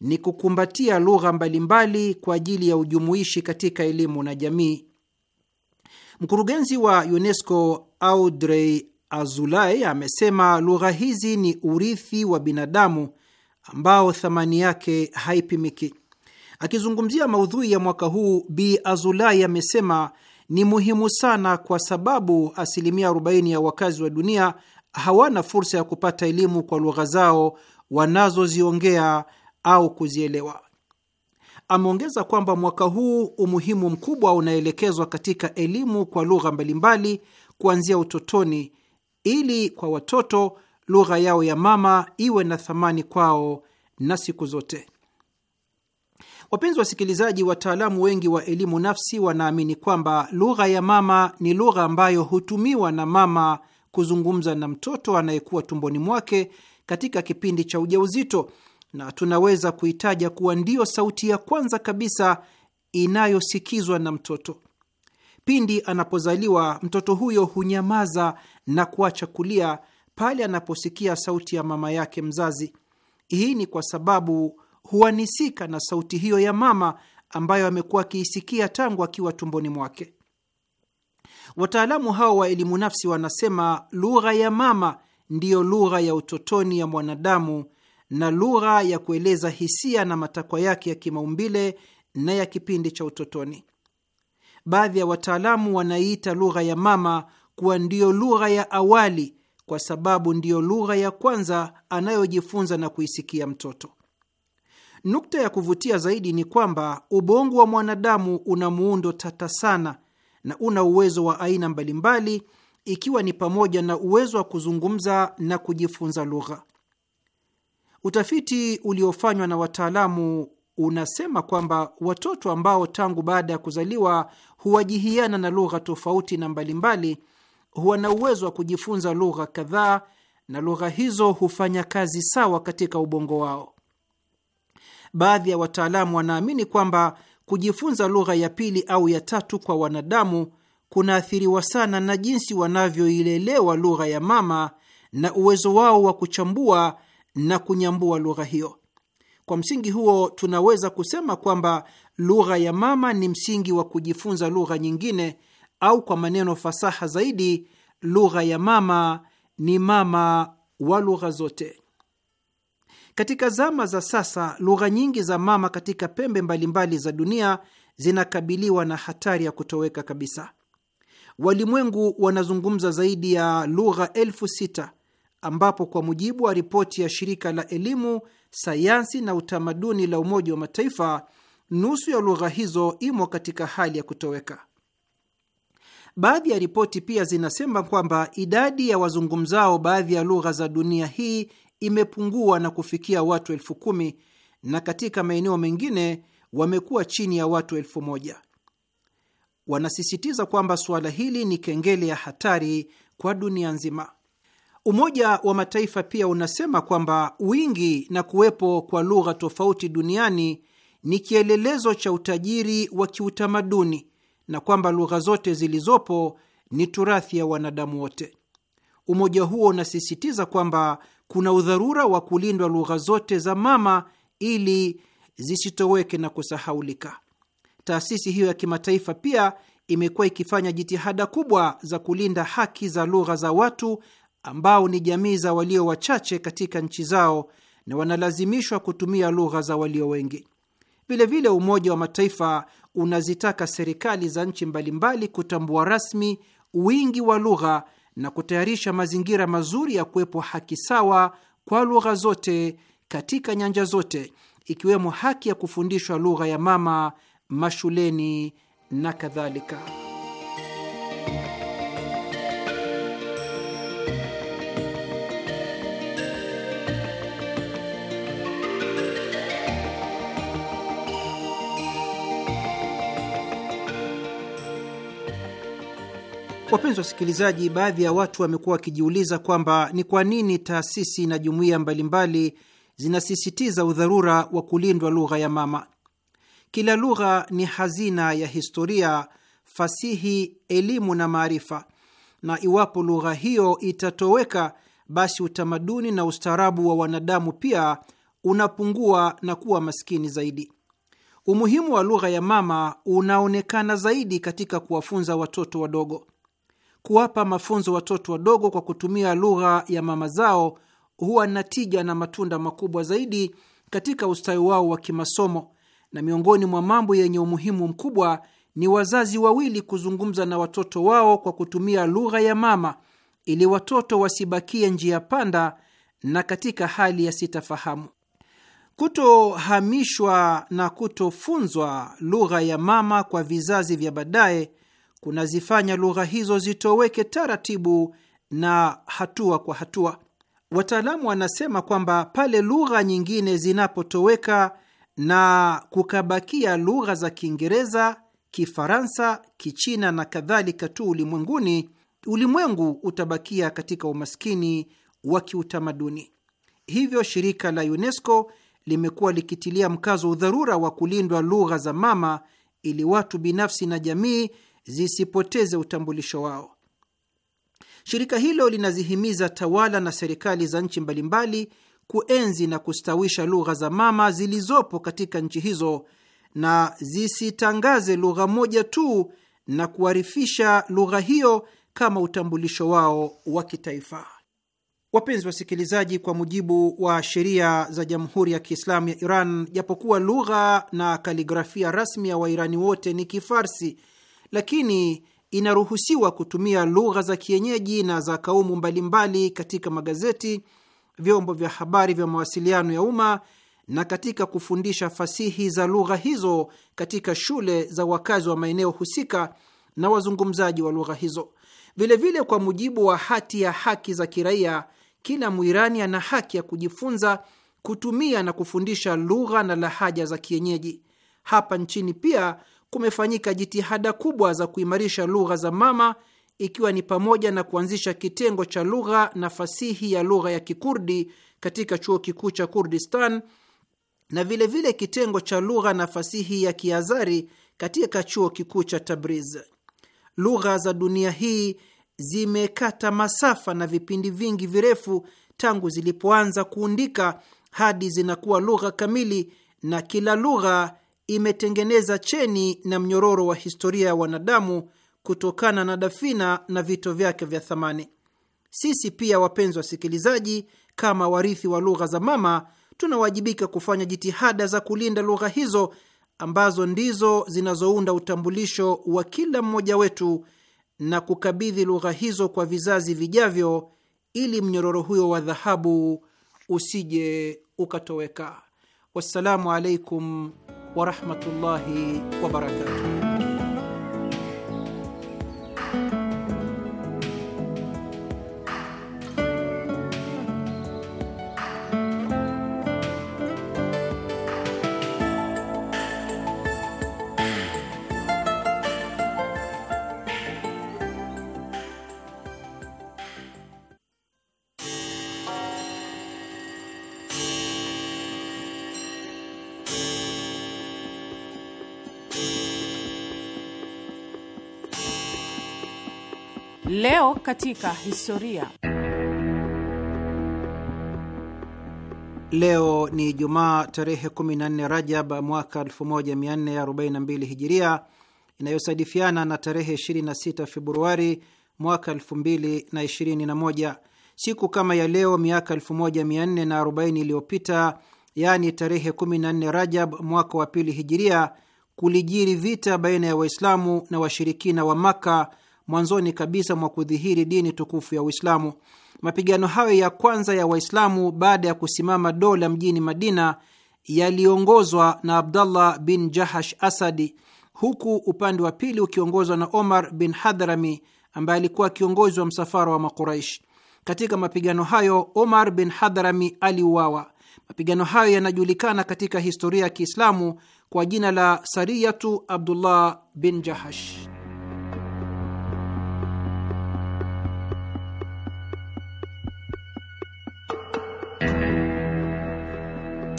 ni kukumbatia lugha mbalimbali kwa ajili ya ujumuishi katika elimu na jamii. Mkurugenzi wa UNESCO Audrey Azulay amesema lugha hizi ni urithi wa binadamu ambao thamani yake haipimiki. Akizungumzia maudhui ya mwaka huu, Bi Azulai amesema ni muhimu sana kwa sababu asilimia 40 ya wakazi wa dunia hawana fursa ya kupata elimu kwa lugha zao wanazoziongea au kuzielewa. Ameongeza kwamba mwaka huu umuhimu mkubwa unaelekezwa katika elimu kwa lugha mbalimbali kuanzia utotoni, ili kwa watoto lugha yao ya mama iwe na thamani kwao na siku zote. Wapenzi wasikilizaji, wataalamu wengi wa elimu nafsi wanaamini kwamba lugha ya mama ni lugha ambayo hutumiwa na mama kuzungumza na mtoto anayekuwa tumboni mwake katika kipindi cha ujauzito, na tunaweza kuitaja kuwa ndiyo sauti ya kwanza kabisa inayosikizwa na mtoto. Pindi anapozaliwa, mtoto huyo hunyamaza na kuacha kulia pale anaposikia sauti ya mama yake mzazi. Hii ni kwa sababu huanisika na sauti hiyo ya mama ambayo amekuwa akiisikia tangu akiwa tumboni mwake. Wataalamu hao wa elimu nafsi wanasema lugha ya mama ndiyo lugha ya utotoni ya mwanadamu na lugha ya kueleza hisia na matakwa yake ya kimaumbile na ya kipindi cha utotoni. Baadhi ya wataalamu wanaiita lugha ya mama kuwa ndiyo lugha ya awali, kwa sababu ndiyo lugha ya kwanza anayojifunza na kuisikia mtoto. Nukta ya kuvutia zaidi ni kwamba ubongo wa mwanadamu una muundo tata sana na una uwezo wa aina mbalimbali, ikiwa ni pamoja na uwezo wa kuzungumza na kujifunza lugha. Utafiti uliofanywa na wataalamu unasema kwamba watoto ambao tangu baada ya kuzaliwa huwajihiana na lugha tofauti na mbalimbali huwa na uwezo wa kujifunza lugha kadhaa na lugha hizo hufanya kazi sawa katika ubongo wao baadhi ya wataalamu wanaamini kwamba kujifunza lugha ya pili au ya tatu kwa wanadamu kunaathiriwa sana na jinsi wanavyoilelewa lugha ya mama na uwezo wao wa kuchambua na kunyambua lugha hiyo. Kwa msingi huo, tunaweza kusema kwamba lugha ya mama ni msingi wa kujifunza lugha nyingine, au kwa maneno fasaha zaidi, lugha ya mama ni mama wa lugha zote. Katika zama za sasa, lugha nyingi za mama katika pembe mbalimbali za dunia zinakabiliwa na hatari ya kutoweka kabisa. Walimwengu wanazungumza zaidi ya lugha elfu sita ambapo kwa mujibu wa ripoti ya shirika la elimu, sayansi na utamaduni la Umoja wa Mataifa, nusu ya lugha hizo imo katika hali ya kutoweka. Baadhi ya ripoti pia zinasema kwamba idadi ya wazungumzao baadhi ya lugha za dunia hii imepungua na kufikia watu elfu kumi na katika maeneo mengine wamekuwa chini ya watu elfu moja. Wanasisitiza kwamba suala hili ni kengele ya hatari kwa dunia nzima. Umoja wa Mataifa pia unasema kwamba wingi na kuwepo kwa lugha tofauti duniani ni kielelezo cha utajiri wa kiutamaduni na kwamba lugha zote zilizopo ni turathi ya wanadamu wote. Umoja huo unasisitiza kwamba kuna udharura wa kulindwa lugha zote za mama ili zisitoweke na kusahaulika. Taasisi hiyo ya kimataifa pia imekuwa ikifanya jitihada kubwa za kulinda haki za lugha za watu ambao ni jamii za walio wachache katika nchi zao na wanalazimishwa kutumia lugha za walio wengi. Vilevile, Umoja wa Mataifa unazitaka serikali za nchi mbalimbali kutambua rasmi wingi wa lugha na kutayarisha mazingira mazuri ya kuwepo haki sawa kwa lugha zote katika nyanja zote, ikiwemo haki ya kufundishwa lugha ya mama mashuleni na kadhalika. Wapenzi wasikilizaji, baadhi ya watu wamekuwa wakijiuliza kwamba ni kwa nini taasisi na jumuiya mbalimbali zinasisitiza udharura wa kulindwa lugha ya mama. Kila lugha ni hazina ya historia, fasihi, elimu na maarifa, na iwapo lugha hiyo itatoweka, basi utamaduni na ustaarabu wa wanadamu pia unapungua na kuwa maskini zaidi. Umuhimu wa lugha ya mama unaonekana zaidi katika kuwafunza watoto wadogo kuwapa mafunzo watoto wadogo kwa kutumia lugha ya mama zao huwa na tija na matunda makubwa zaidi katika ustawi wao wa kimasomo. Na miongoni mwa mambo yenye umuhimu mkubwa ni wazazi wawili kuzungumza na watoto wao kwa kutumia lugha ya mama, ili watoto wasibakie njia panda na katika hali ya sitafahamu. Kutohamishwa na kutofunzwa lugha ya mama kwa vizazi vya baadaye kunazifanya lugha hizo zitoweke taratibu na hatua kwa hatua. Wataalamu wanasema kwamba pale lugha nyingine zinapotoweka na kukabakia lugha za Kiingereza, Kifaransa, Kichina na kadhalika tu ulimwenguni, ulimwengu utabakia katika umaskini wa kiutamaduni. Hivyo shirika la UNESCO limekuwa likitilia mkazo udharura wa kulindwa lugha za mama ili watu binafsi na jamii zisipoteze utambulisho wao. Shirika hilo linazihimiza tawala na serikali za nchi mbalimbali kuenzi na kustawisha lugha za mama zilizopo katika nchi hizo na zisitangaze lugha moja tu na kuarifisha lugha hiyo kama utambulisho wao wa kitaifa. Wapenzi wasikilizaji, kwa mujibu wa sheria za Jamhuri ya Kiislamu ya Iran, japokuwa lugha na kaligrafia rasmi ya Wairani wote ni Kifarsi lakini inaruhusiwa kutumia lugha za kienyeji na za kaumu mbalimbali katika magazeti, vyombo vya habari vya mawasiliano ya umma na katika kufundisha fasihi za lugha hizo katika shule za wakazi wa maeneo husika na wazungumzaji wa lugha hizo. Vilevile kwa mujibu wa hati ya haki za kiraia, kila Mwirani ana haki ya kujifunza kutumia na kufundisha lugha na lahaja za kienyeji. Hapa nchini pia kumefanyika jitihada kubwa za kuimarisha lugha za mama ikiwa ni pamoja na kuanzisha kitengo cha lugha na fasihi ya lugha ya Kikurdi katika chuo kikuu cha Kurdistan na vilevile vile kitengo cha lugha na fasihi ya Kiazari katika chuo kikuu cha Tabriz. Lugha za dunia hii zimekata masafa na vipindi vingi virefu tangu zilipoanza kuundika hadi zinakuwa lugha kamili na kila lugha imetengeneza cheni na mnyororo wa historia ya wanadamu kutokana na dafina na vito vyake vya thamani. Sisi pia, wapenzi wasikilizaji, kama warithi wa lugha za mama, tunawajibika kufanya jitihada za kulinda lugha hizo ambazo ndizo zinazounda utambulisho wa kila mmoja wetu na kukabidhi lugha hizo kwa vizazi vijavyo ili mnyororo huyo wa dhahabu usije ukatoweka. Wassalamu alaikum ورحمه الله وبركاته katika historia. Leo ni Jumaa tarehe 14 Rajab mwaka 1442 Hijiria, inayosadifiana na tarehe 26 Februari mwaka 2021. Siku kama ya leo miaka 1440 iliyopita, yaani tarehe 14 Rajab mwaka wa pili Hijiria, kulijiri vita baina ya Waislamu na washirikina wa Makka mwanzoni kabisa mwa kudhihiri dini tukufu ya Uislamu. Mapigano hayo ya kwanza ya Waislamu baada ya kusimama dola mjini Madina yaliongozwa na Abdallah bin Jahash Asadi, huku upande wa pili ukiongozwa na Omar bin Hadhrami ambaye alikuwa kiongozi wa msafara wa Makuraishi. Katika mapigano hayo Omar bin Hadhrami aliuawa. Mapigano hayo yanajulikana katika historia ya Kiislamu kwa jina la Sariyatu Abdullah bin Jahash.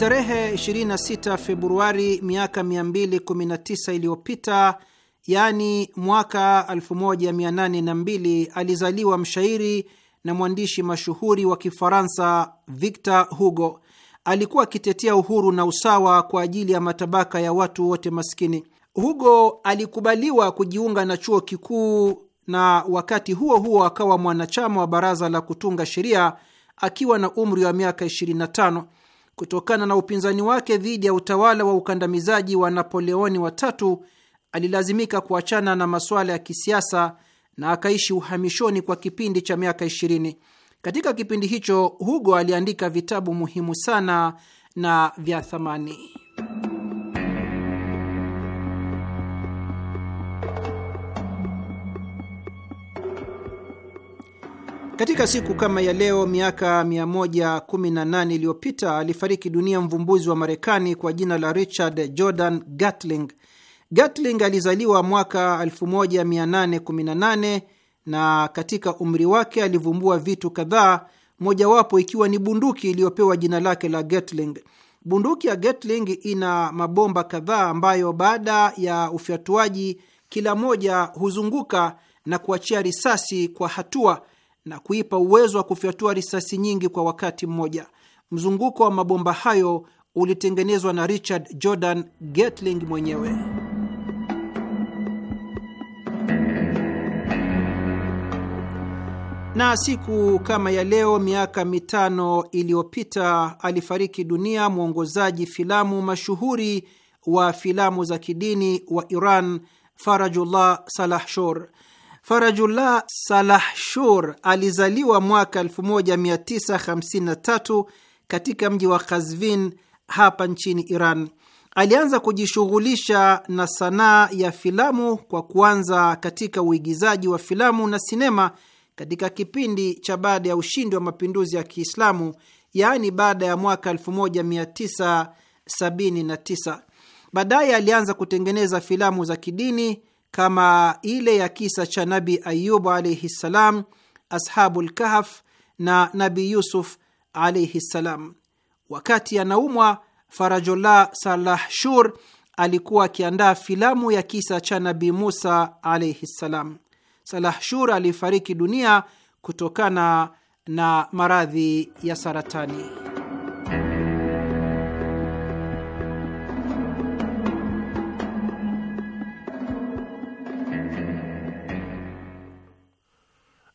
Tarehe 26 Februari miaka 219 iliyopita, yaani mwaka 1802, alizaliwa mshairi na mwandishi mashuhuri wa Kifaransa Victor Hugo. Alikuwa akitetea uhuru na usawa kwa ajili ya matabaka ya watu wote maskini. Hugo alikubaliwa kujiunga na chuo kikuu na wakati huo huo akawa mwanachama wa baraza la kutunga sheria akiwa na umri wa miaka 25 kutokana na upinzani wake dhidi ya utawala wa ukandamizaji wa Napoleoni watatu alilazimika kuachana na masuala ya kisiasa na akaishi uhamishoni kwa kipindi cha miaka ishirini. Katika kipindi hicho Hugo aliandika vitabu muhimu sana na vya thamani. Katika siku kama ya leo miaka 118 iliyopita alifariki dunia mvumbuzi wa Marekani kwa jina la Richard Jordan Gatling. Gatling alizaliwa mwaka 1818 na katika umri wake alivumbua vitu kadhaa, mojawapo ikiwa ni bunduki iliyopewa jina lake la Gatling. Bunduki ya Gatling ina mabomba kadhaa ambayo baada ya ufyatuaji kila moja huzunguka na kuachia risasi kwa hatua na kuipa uwezo wa kufyatua risasi nyingi kwa wakati mmoja. Mzunguko wa mabomba hayo ulitengenezwa na Richard Jordan Gatling mwenyewe. Na siku kama ya leo miaka mitano iliyopita alifariki dunia mwongozaji filamu mashuhuri wa filamu za kidini wa Iran Farajullah Salahshor. Farajullah Salahshur alizaliwa mwaka 1953 katika mji wa Kazvin hapa nchini Iran. Alianza kujishughulisha na sanaa ya filamu kwa kuanza katika uigizaji wa filamu na sinema katika kipindi cha baada ya ushindi wa mapinduzi ya Kiislamu, yaani baada ya mwaka 1979. Baadaye alianza kutengeneza filamu za kidini kama ile ya kisa cha Nabi Ayubu alaihi ssalam, Ashabu lkahf na Nabi Yusuf alaihi ssalam. Wakati anaumwa, Farajullah Salah Shur alikuwa akiandaa filamu ya kisa cha Nabi Musa alaihi ssalam. Salah Shur alifariki dunia kutokana na maradhi ya saratani.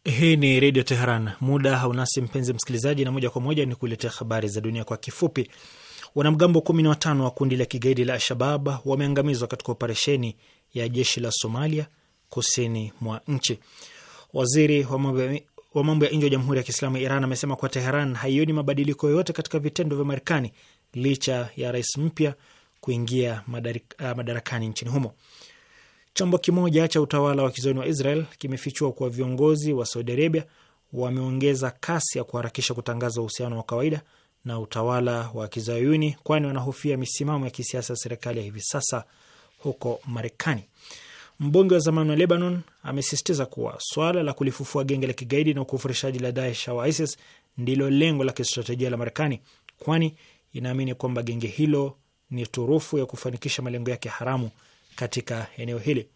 Hii ni Redio Teheran. Muda haunasi mpenzi msikilizaji, na moja kwa moja ni kuletea habari za dunia kwa kifupi. Wanamgambo kumi na watano wa kundi la kigaidi la Alshabab wameangamizwa katika operesheni ya jeshi la Somalia kusini mwa nchi. Waziri wa mambo ya nje wa Jamhuri ya Kiislamu ya Iran amesema kuwa Teheran haioni mabadiliko yoyote katika vitendo vya Marekani licha ya rais mpya kuingia ah, madarakani nchini humo. Chombo kimoja cha utawala wa kizoni wa Israel kimefichua kuwa viongozi wa Saudi Arabia wameongeza kasi ya kuharakisha kutangaza uhusiano wa kawaida na utawala wa kizayuni, kwani wanahofia misimamo ya kisiasa ya serikali ya hivi sasa huko Marekani. Mbunge wa zamani wa Lebanon amesisitiza kuwa swala la kulifufua genge la kigaidi na ukufurishaji la Daesh au ISIS ndilo lengo la kistratejia la Marekani, kwani inaamini kwamba genge hilo ni turufu ya kufanikisha malengo yake haramu katika eneo hili.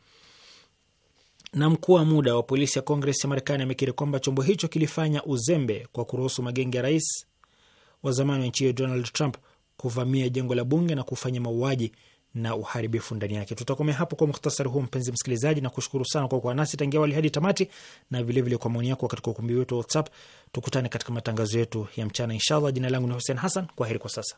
Na mkuu wa muda wa polisi ya Kongres ya Marekani amekiri kwamba chombo hicho kilifanya uzembe kwa kuruhusu magenge ya rais wa zamani wa nchi hiyo Donald Trump kuvamia jengo la bunge na kufanya mauaji na uharibifu ndani yake. Tutakomea hapo kwa muhtasari huu, mpenzi msikilizaji, na kushukuru sana kwa kuwa nasi tangia awali hadi tamati, na vilevile vile kwa maoni yako katika ukumbi wetu wa WhatsApp. Tukutane katika matangazo yetu ya mchana, inshallah. Jina langu ni Hussein Hassan, kwa heri kwa sasa.